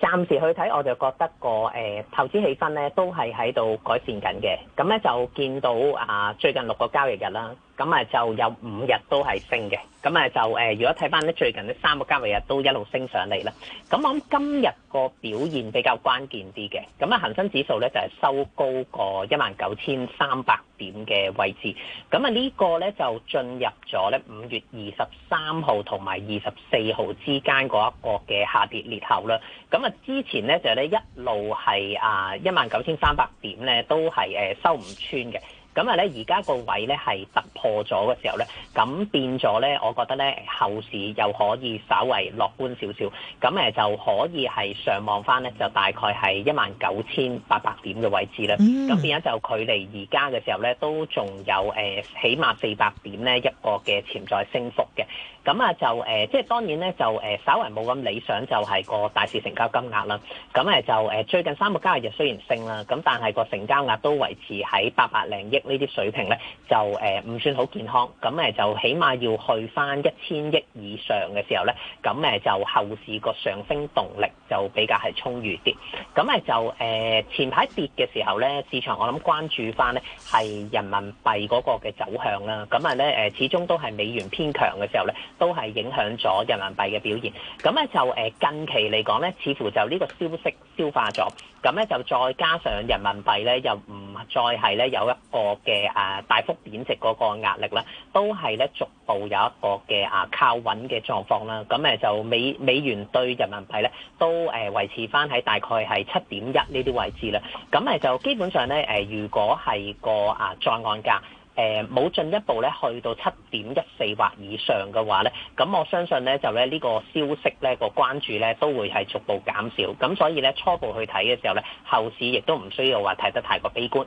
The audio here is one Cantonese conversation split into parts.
暫時去睇，我就覺得個誒、欸、投資氣氛咧都係喺度改善緊嘅。咁咧就見到啊，最近六個交易日啦。咁啊，就有五日都係升嘅。咁、呃、啊，就如果睇翻咧，最近呢三個交易日都一路升上嚟啦。咁我諗今日個表現比較關鍵啲嘅。咁啊，恆生指數咧就係、是、收高過一萬九千三百點嘅位置。咁啊，19，呢個咧就進入咗咧五月二十三號同埋二十四號之間嗰一個嘅下跌裂口啦。咁啊，之前咧就咧一路係啊一萬九千三百點咧都係收唔穿嘅。咁啊咧，而家個位咧係突破咗嘅時候咧，咁變咗咧，我覺得咧後市又可以稍微樂觀少少，咁誒就可以係上望翻咧，就大概係一萬九千八百點嘅位置啦。咁變咗就距離而家嘅時候咧，都仲有誒起碼四百點咧一個嘅潛在升幅嘅。咁啊就誒、呃，即係當然咧就誒，稍為冇咁理想就係個大市成交金額啦。咁啊，就誒，最近三個交易日雖然升啦，咁但係個成交額都維持喺八百零億呢啲水平咧，就誒唔、呃、算好健康。咁啊，就起碼要去翻一千億以上嘅時候咧，咁啊，就後市個上升動力就比較係充裕啲。咁啊，就、呃、誒前排跌嘅時候咧，市場我諗關注翻咧係人民幣嗰個嘅走向啦。咁啊，咧始終都係美元偏強嘅時候咧。都係影響咗人民幣嘅表現，咁咧就近期嚟講咧，似乎就呢個消息消化咗，咁咧就再加上人民幣咧又唔再係咧有一個嘅大幅貶值嗰個壓力啦，都係咧逐步有一個嘅啊靠穩嘅狀況啦，咁就美美元對人民幣咧都維持翻喺大概係七點一呢啲位置啦，咁就基本上咧如果係個啊在岸價。誒冇進一步咧，去到七點一四或以上嘅話咧，咁我相信咧就咧呢個消息咧呢個關注咧都會係逐步減少，咁所以咧初步去睇嘅時候咧，後市亦都唔需要話睇得太過悲觀。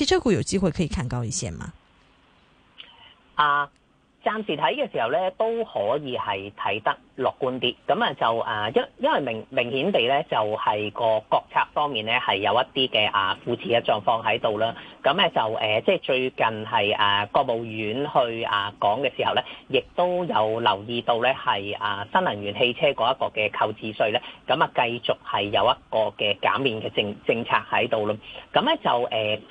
汽車股有機會可以看高一些嗎？啊，暫時睇嘅時候咧，都可以係睇得。樂觀啲，咁啊就誒，因因為明明顯地咧，就係個國策方面咧，係有一啲嘅啊扶持嘅狀況喺度啦。咁咧就誒，即係最近係誒國務院去啊講嘅時候咧，亦都有留意到咧，係啊新能源汽車嗰一個嘅購置稅咧，咁啊繼續係有一個嘅減免嘅政政策喺度咯。咁咧就誒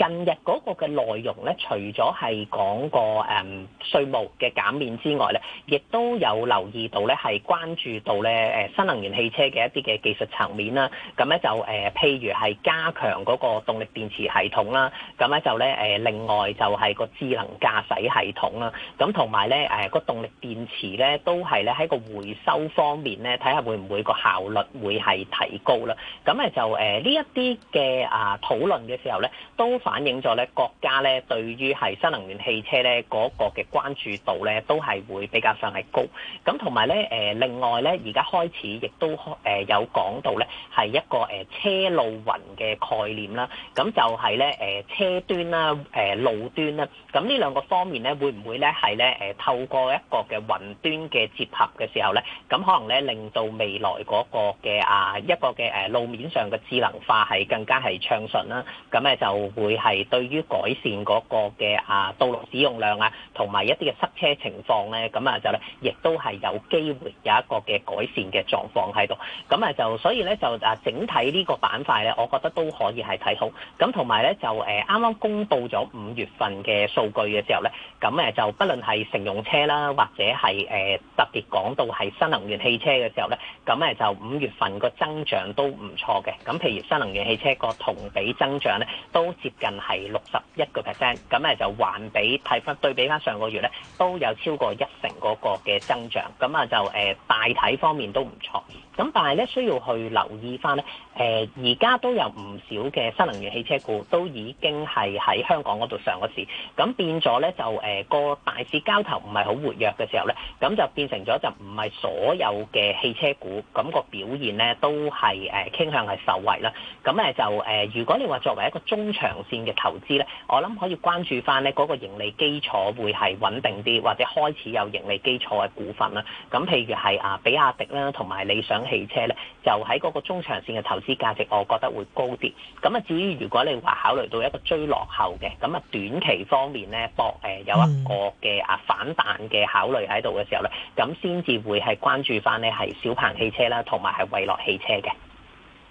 近日嗰個嘅內容咧，除咗係講個誒稅務嘅減免之外咧，亦都有留意到咧係關。關注到咧誒新能源汽車嘅一啲嘅技術層面啦，咁咧就誒譬如係加強嗰個動力電池系統啦，咁咧就咧誒另外就係個智能駕駛系統啦，咁同埋咧誒個動力電池咧都係咧喺個回收方面咧睇下會唔會個效率會係提高啦，咁誒就誒呢一啲嘅啊討論嘅時候咧，都反映咗咧國家咧對於係新能源汽車咧嗰個嘅關注度咧都係會比較上係高，咁同埋咧誒。另外咧，而家開始亦都有講到咧，係一個車路雲嘅概念啦。咁就係咧車端啦、路端啦。咁呢兩個方面咧，會唔會咧係咧透過一個嘅雲端嘅接合嘅時候咧，咁可能咧令到未來嗰個嘅啊一個嘅路面上嘅智能化係更加係暢順啦。咁咧就會係對於改善嗰個嘅啊道路使用量啊，同埋一啲嘅塞車情況咧，咁啊就咧亦都係有機會，有一個嘅改善嘅狀況喺度，咁啊就所以咧就啊整體呢個板塊咧，我覺得都可以係睇好。咁同埋咧就啱啱公布咗五月份嘅數據嘅時候咧，咁就不論係乘用車啦，或者係特別講到係新能源汽車嘅時候咧，咁就五月份個增長都唔錯嘅。咁譬如新能源汽車個同比增長咧，都接近係六十一個 percent。咁就環比睇翻對比翻上，上個月咧，都有超過一成嗰個嘅增長。咁啊就大體方面都唔錯。咁但係咧需要去留意翻咧，而家都有唔少嘅新能源汽車股都已經係喺香港嗰度上個市，咁變咗咧就個大市交投唔係好活躍嘅時候咧，咁就變成咗就唔係所有嘅汽車股咁個表現咧都係傾向係受惠啦。咁就如果你話作為一個中長線嘅投資咧，我諗可以關注翻咧嗰個盈利基礎會係穩定啲，或者開始有盈利基礎嘅股份啦。咁譬如係啊比亞迪啦，同埋理想，汽車咧就喺嗰個中長線嘅投資價值，我覺得會高啲。咁啊，至於如果你話考慮到一個追落後嘅，咁啊短期方面咧博誒有一個嘅啊反彈嘅考慮喺度嘅時候咧，咁先至會係關注翻咧係小鵬汽車啦，同埋係蔚來汽車嘅。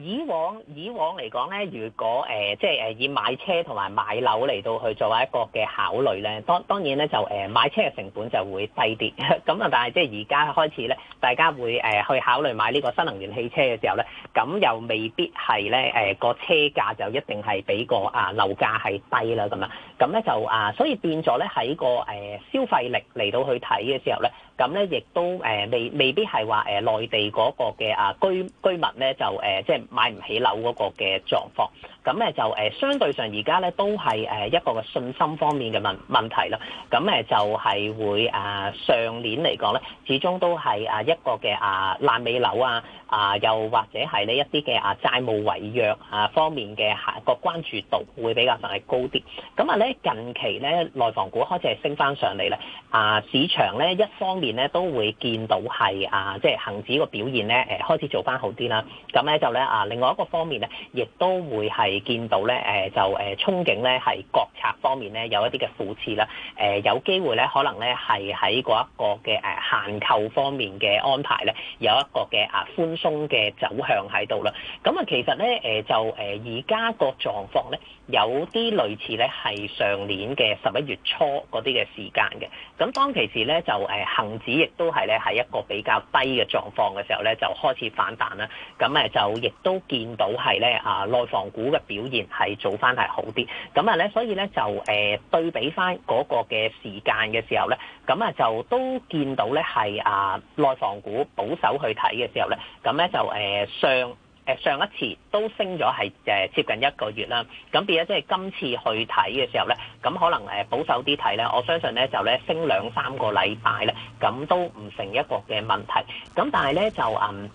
以往以往嚟講咧，如果誒即係誒以買車同埋買樓嚟到去做一個嘅考慮咧，當當然咧就誒買車嘅成本就會低啲，咁啊但係即係而家開始咧，大家會誒去考慮買呢個新能源汽車嘅時候咧，咁又未必係咧誒個車價就一定係比個啊樓價係低啦咁啊，咁咧就啊所以變咗咧喺個誒消費力嚟到去睇嘅時候咧。咁咧，亦都未未必係話內地嗰個嘅啊居居民咧，就即係買唔起樓嗰個嘅狀況。咁咧就相對上而家咧，都係一個嘅信心方面嘅問題啦，咁就係會上年嚟講咧，始終都係啊一個嘅啊爛尾樓啊啊、又或者係呢一啲嘅啊債務違約啊方面嘅個關注度會比較係高啲。咁啊咧近期咧內房股開始升翻上嚟咧，啊市場咧一方面。咧都會見到係啊，即係恒指個表現咧，誒開始做翻好啲啦。咁咧就咧啊，另外一個方面咧，亦都會係見到咧，誒就誒憧憬咧，係國策方面咧有一啲嘅扶持啦。誒有機會咧，可能咧係喺嗰一個嘅誒限購方面嘅安排咧有一個嘅啊寬鬆嘅走向喺度啦。咁啊，其實咧誒就誒而家個狀況咧有啲類似咧係上年嘅十一月初嗰啲嘅時間嘅。咁當其時咧就誒。恆指亦都係咧，喺一個比較低嘅狀況嘅時候咧，就開始反彈啦。咁誒就亦都見到係咧啊，內房股嘅表現係做翻係好啲。咁啊咧，所以咧就誒對比翻嗰個嘅時間嘅時候咧，咁啊就都見到咧係啊內房股保守去睇嘅時候咧，咁咧就誒上。誒上一次都升咗係誒接近一個月啦，咁變咗即係今次去睇嘅時候咧，咁可能誒保守啲睇咧，我相信咧就咧升兩三個禮拜咧，咁都唔成一個嘅問題。咁但係咧就嗯。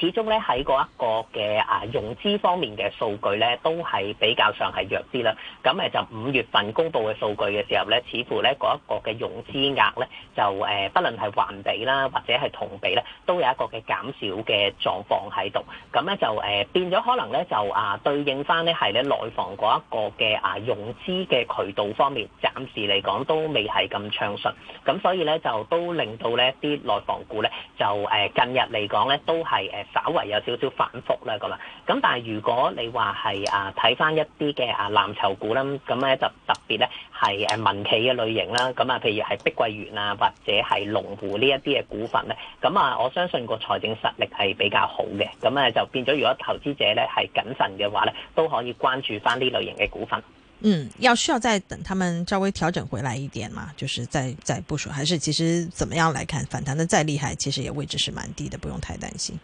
始終咧喺嗰一個嘅啊融資方面嘅數據咧，都係比較上係弱啲啦。咁誒就五月份公佈嘅數據嘅時候咧，似乎咧嗰一個嘅融資額咧就誒，不論係環比啦，或者係同比咧，都有一個嘅減少嘅狀況喺度。咁咧就誒變咗可能咧就啊對應翻咧係咧內房嗰一個嘅啊融資嘅渠道方面，暫時嚟講都未係咁暢順。咁所以咧就都令到咧啲內房股咧就誒近日嚟講咧都係誒，稍微有少少反覆啦，咁啦，咁但係如果你話係啊睇翻一啲嘅啊藍籌股啦，咁咧就特別咧係誒民企嘅類型啦，咁啊譬如係碧桂園啊或者係龍湖呢一啲嘅股份咧，咁啊我相信個財政實力係比較好嘅，咁啊就變咗如果投資者咧係謹慎嘅話咧，都可以關注翻呢類型嘅股份。嗯，要需要再等他們稍微調整回來一點嘛，就是再再部署，還是其實怎麼樣來看，反彈得再厲害，其實也位置是蠻低的，不用太擔心。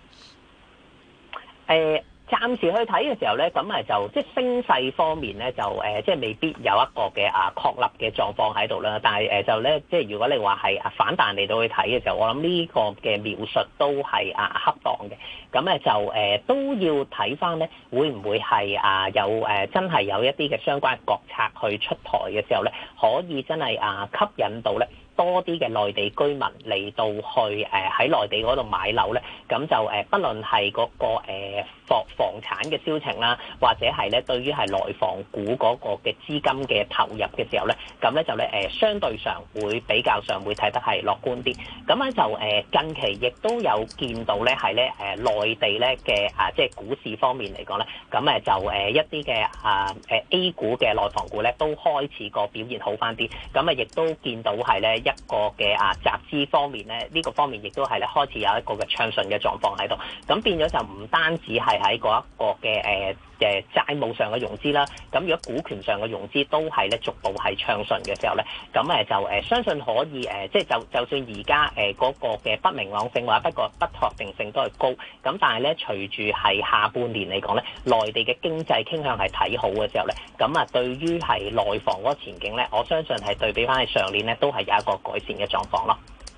誒暫時去睇嘅時候咧，咁咪就即係升勢方面咧，就誒即係未必有一個嘅啊確立嘅狀況喺度啦。但係誒就咧，即係如果你話係啊反彈嚟到去睇嘅時候，我諗呢個嘅描述都係啊恰當嘅。咁咧就誒都要睇返咧，會唔會係啊有誒真係有一啲嘅相關嘅國策去出台嘅時候咧，可以真係啊吸引到咧。多啲嘅內地居民嚟到去誒喺內地嗰度買樓咧，咁就誒、呃、不論係嗰個誒。呃房房產嘅銷情啦，或者係咧，對於係內房股嗰個嘅資金嘅投入嘅時候咧，咁咧就咧誒相對上會比較上會睇得係樂觀啲。咁咧就誒近期亦都有見到咧係咧誒內地咧嘅啊，即係股市方面嚟講咧，咁誒就誒一啲嘅啊誒 A 股嘅內房股咧都開始個表現好翻啲。咁誒亦都見到係咧一個嘅啊集資方面咧，呢個方面亦都係咧開始有一個嘅暢順嘅狀況喺度。咁變咗就唔單止係，喺嗰一個嘅誒嘅債務上嘅融資啦，咁如果股權上嘅融資都係咧逐步係暢順嘅時候咧，咁誒就誒、欸、相信可以誒、欸，即係就就算而家誒嗰個嘅不明朗性話，不過不確定性都係高，咁但係咧隨住係下半年嚟講咧，內地嘅經濟傾向係睇好嘅時候咧，咁啊對於係內房嗰個前景咧，我相信係對比翻係上年咧都係有一個改善嘅狀況囉。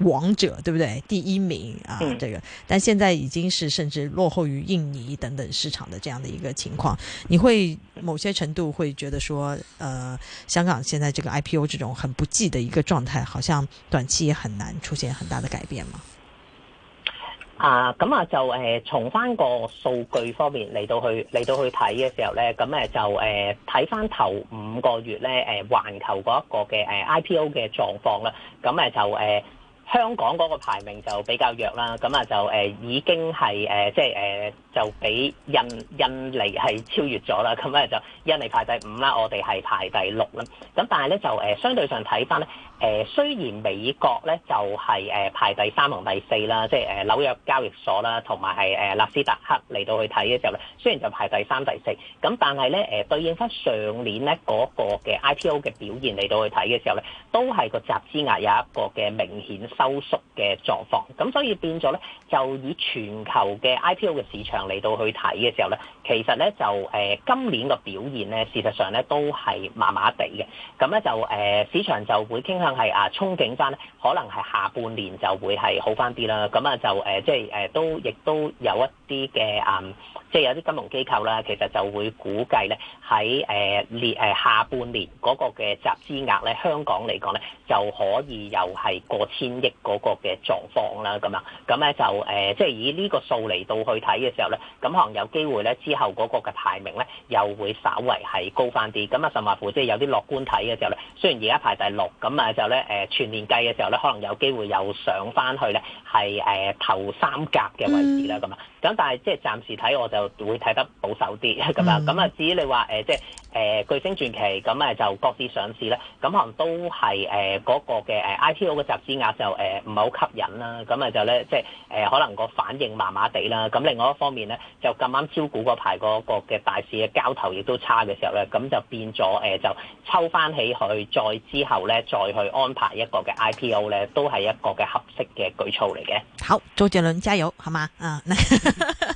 王者對不對？第一名啊，嗯、這個，但現在已經是甚至落後於印尼等等市場的這樣的一個情況。你會某些程度會覺得說，呃，香港現在這個 IPO 這種很不濟的一個狀態，好像短期也很難出現很大的改變嘛？啊，咁啊就誒、呃，從翻個數據方面嚟到去嚟到去睇嘅時候咧，咁誒就誒睇翻頭五個月咧，誒、呃、環球嗰一個嘅誒、呃、IPO 嘅狀況啦，咁誒就誒。呃香港嗰個排名就比較弱啦，咁啊就已經係即係就俾印印尼係超越咗啦，咁啊就印尼排第五啦，我哋係排第六啦。咁但係咧就相對上睇翻咧，誒雖然美國咧就係排第三同第四啦，即係誒紐約交易所啦，同埋係誒納斯達克嚟到去睇嘅時候咧，雖然就排第三第四，咁但係咧對應翻上年咧嗰個嘅 IPO 嘅表現嚟到去睇嘅時候咧，都係個集資額有一個嘅明顯收縮嘅狀況，咁所以變咗咧，就以全球嘅 IPO 嘅市場嚟到去睇嘅時候咧，其實咧就誒今年個表現咧，事實上咧都係麻麻地嘅，咁咧就誒市場就會傾向係啊憧憬翻，可能係下半年就會係好翻啲啦，咁啊就誒即係誒都亦都有一啲嘅啊，即係有啲金融機構啦，其實就會估計咧喺誒列誒下半年嗰個嘅集資額咧，香港嚟講咧就可以又係過千億。嗰個嘅狀況啦，咁啊，咁咧就誒，即係以呢個數嚟到去睇嘅時候咧，咁可能有機會咧，之後嗰個嘅排名咧又會稍為係高翻啲。咁啊，甚至乎即係有啲樂觀睇嘅時候咧，雖然而家排第六，咁啊就咧誒、呃、全年計嘅時候咧，可能有機會又上翻去咧，係誒、呃、頭三甲嘅位置啦，咁啊，咁但係即係暫時睇我就會睇得保守啲，咁啊，咁啊，至於你話誒、呃、即係誒、呃、巨星傳奇，咁啊就各自上市咧，咁可能都係誒嗰個嘅誒 IPO 嘅集資額就。誒唔係好吸引啦，咁咪就咧，即係誒、呃、可能個反應麻麻地啦。咁另外一方面咧，就咁啱招股嗰排個個嘅大市嘅交投亦都差嘅時候咧，咁就變咗誒、呃、就抽翻起去，再之後咧再去安排一個嘅 IPO 咧，都係一個嘅合適嘅舉措嚟嘅。好，周杰倫加油，好嘛？嗯、uh。 .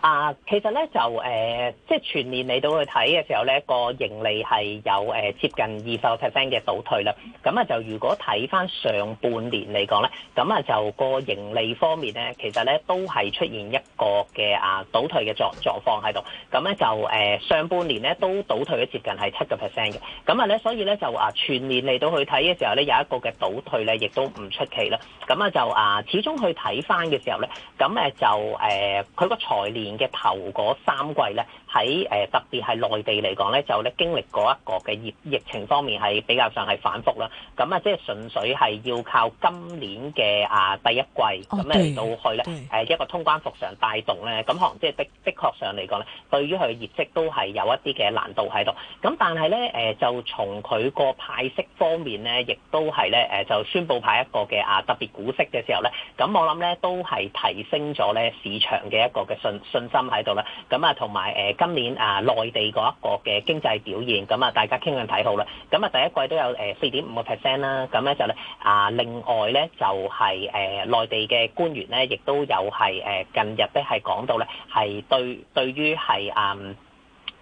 啊，其實咧就誒、呃，即係全年嚟到去睇嘅時候咧，個盈利係有、呃、接近二十 percent 嘅倒退啦。咁啊，就如果睇翻上半年嚟講咧，咁啊就個盈利方面咧，其實咧都係出現一個嘅啊倒退嘅狀狀況喺度。咁咧就誒、呃、上半年咧都倒退咗接近係七個 percent 嘅。咁啊咧，所以咧就啊全年嚟到去睇嘅時候咧，有一個嘅倒退咧，亦都唔出奇啦。咁啊就啊始終去睇翻嘅時候咧，咁誒就誒佢個財年。嘅頭三季咧。喺誒特別係內地嚟講咧，就咧經歷過一個嘅疫疫情方面係比較上係反覆啦。咁啊，即係純粹係要靠今年嘅啊第一季咁嚟、哦、到去咧誒對一個通關復常帶動咧。咁可能即係的的確上嚟講咧，對於佢嘅業績都係有一啲嘅難度喺度。咁但係咧誒就從佢個派息方面咧，亦都係咧誒就宣布派一個嘅啊特別股息嘅時候咧，咁我諗咧都係提升咗咧市場嘅一個嘅信信心喺度啦。咁啊同埋誒。今年啊，內地嗰一個嘅經濟表現，咁啊，大家傾向睇好啦。咁啊，第一季都有誒四點五個 percent 啦。咁咧就咧啊，另外咧就係、是、誒、啊、內地嘅官員咧，亦都有係誒、啊、近日咧係講到咧，係對對於係嗯。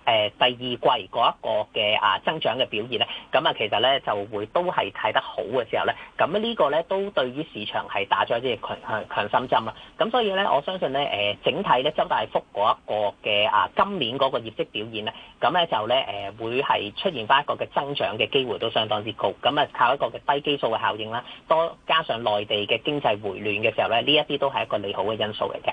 誒第二季嗰一個嘅啊增長嘅表現咧，咁啊其實咧就會都係睇得好嘅時候咧，咁呢個咧都對於市場係打咗一啲強心針啦。咁所以咧，我相信咧整體咧周大福嗰一個嘅啊今年嗰個業績表現咧，咁咧就咧會係出現翻一個嘅增長嘅機會都相當之高。咁啊靠一個嘅低基數嘅效應啦，多加上內地嘅經濟回暖嘅時候咧，呢一啲都係一個利好嘅因素嚟嘅。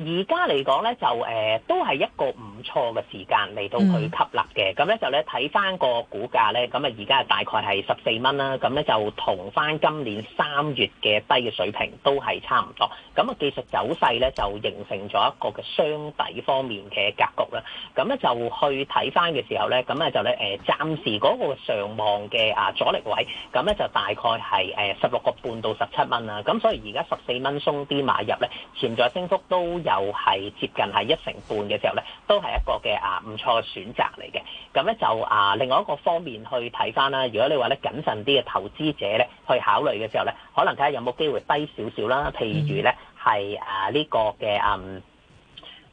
而家嚟講咧，就誒、呃、都係一個唔錯嘅時間嚟到去吸納嘅。咁咧就咧睇翻個股價咧，咁啊而家大概係十四蚊啦。咁咧就同翻今年三月嘅低嘅水平都係差唔多。咁啊技術走勢咧就形成咗一個嘅雙底方面嘅格局啦。咁咧就去睇翻嘅時候咧，咁咧就咧暫時嗰個上望嘅啊阻力位，咁咧就大概係誒十六個半到十七蚊啦。咁所以而家十四蚊鬆啲買入咧，潛在升幅都～又係接近係一成半嘅時候咧，都係一個嘅啊唔錯嘅選擇嚟嘅。咁咧就啊，另外一個方面去睇返啦。如果你話咧謹慎啲嘅投資者咧，去考慮嘅時候咧，可能睇下有冇機會低少少啦。譬如咧係啊呢個嘅嗯。